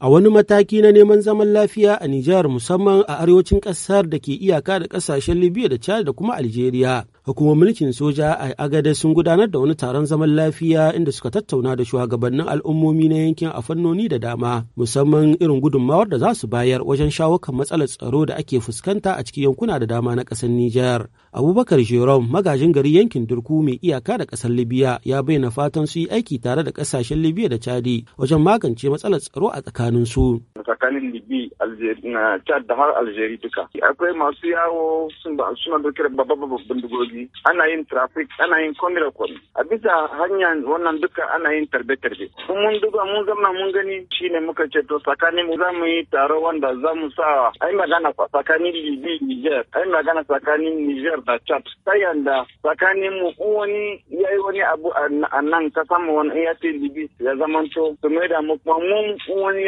A wani mataki na neman zaman lafiya a Nijar musamman a arewacin ƙasar da ke iyaka da ƙasashen Libya da Chad da kuma Algeria. hukumar mulkin soja a agade sun gudanar da wani taron zaman lafiya inda suka tattauna da shugabannin al'ummomi na yankin a fannoni da dama musamman irin gudunmawar da za su bayar wajen shawakan kan matsalar tsaro da ake fuskanta a cikin yankuna da dama na ƙasar Nijar. Abubakar Jerome magajin gari yankin Durku mai iyaka da ƙasar Libya ya bayyana fatan su yi aiki tare da ƙasashen Libya da Chadi wajen magance matsalar tsaro a tsakanin su. Tsakanin Akwai masu yawo suna da babban bindigogi daji ana yin traffic ana yin komai da a bisa hanya wannan duka ana yin tarbe tarbe mun duba mun zama mun gani shine muka ce to tsakanin mu za mu yi taro wanda za mu sa ai magana tsakanin Libi Niger ai magana tsakanin Niger da chat ta yanda tsakanin mu wani yayi wani abu a nan ta samu wani ya ce Libi ya zamanto to da mu kuma mun wani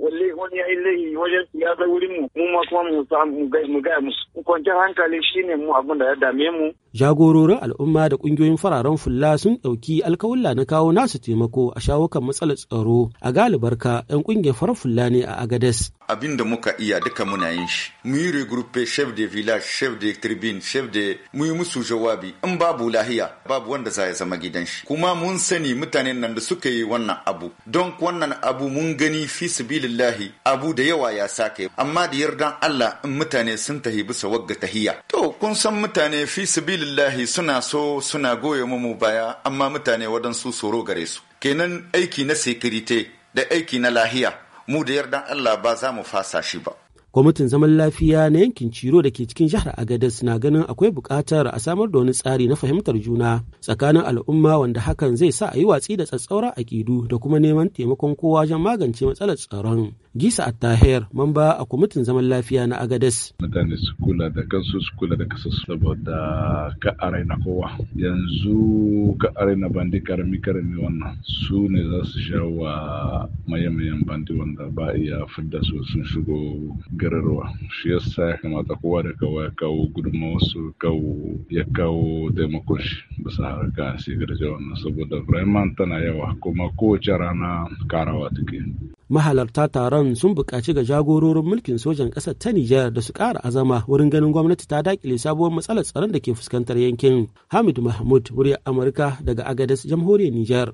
wale wani ya yi wajen siyasa wurin mu mu ma kuma mu gaya musu kwanciyar hankali shine mu abin da ya dame mu jagororin al'umma da ƙungiyoyin fararen fulla sun ɗauki alkawulla na kawo nasu taimako a shawo matsalar tsaro a galibarka 'yan kungiyar farar fulla ne a agades abin da muka iya duka muna yin shi mu yi regroupe chef de village chef de tribune chef de mu yi musu jawabi in babu lahiya babu wanda za ya zama gidan shi kuma mun sani mutane nan da suka yi wannan abu don wannan abu mun gani fi sabilillahi abu da yawa ya sake amma da yardan Allah in mutane sun tahi bisa wagga tahiya to kun san mutane fi lillahi suna so suna goya mu baya amma mutane waɗansu tsoro gare su kenan aiki na sekirite da aiki na lahiya mu da yardan Allah ba za mu fasa shi ba kwamitin zaman lafiya na yankin ciro da ke cikin jihar agadas na ganin akwai bukatar a samar da wani tsari na fahimtar juna tsakanin al'umma wanda hakan zai sa a yi watsi da tsatsauran aƙidu da kuma neman taimakon kowa wajen magance matsalar tsaron Gisa Tahir, mamba a kwamitin zaman lafiya na Agades. Mutane su kula da kansu su kula da kasa saboda ka na kowa. Yanzu ka na bandi karami karami wannan su ne za su shawa mayan bandi wanda ba iya fidda su sun shigo gararwa. Shi yasa ya kamata kowa da kawo ya kawo gudunmawar su kawo ya kawo taimakon shi bisa harka sai garje wannan saboda Bremen tana yawa kuma kowace rana karawa take. mahalarta taron sun buƙaci ga jagororin mulkin sojan ƙasar ta Nijar da su ƙara azama wurin ganin gwamnati ta daƙile sabuwar matsalar tsaron da ke fuskantar yankin. Hamid Mahmud, wuri Amurka daga Agadez, Jamhuriyar Nijar.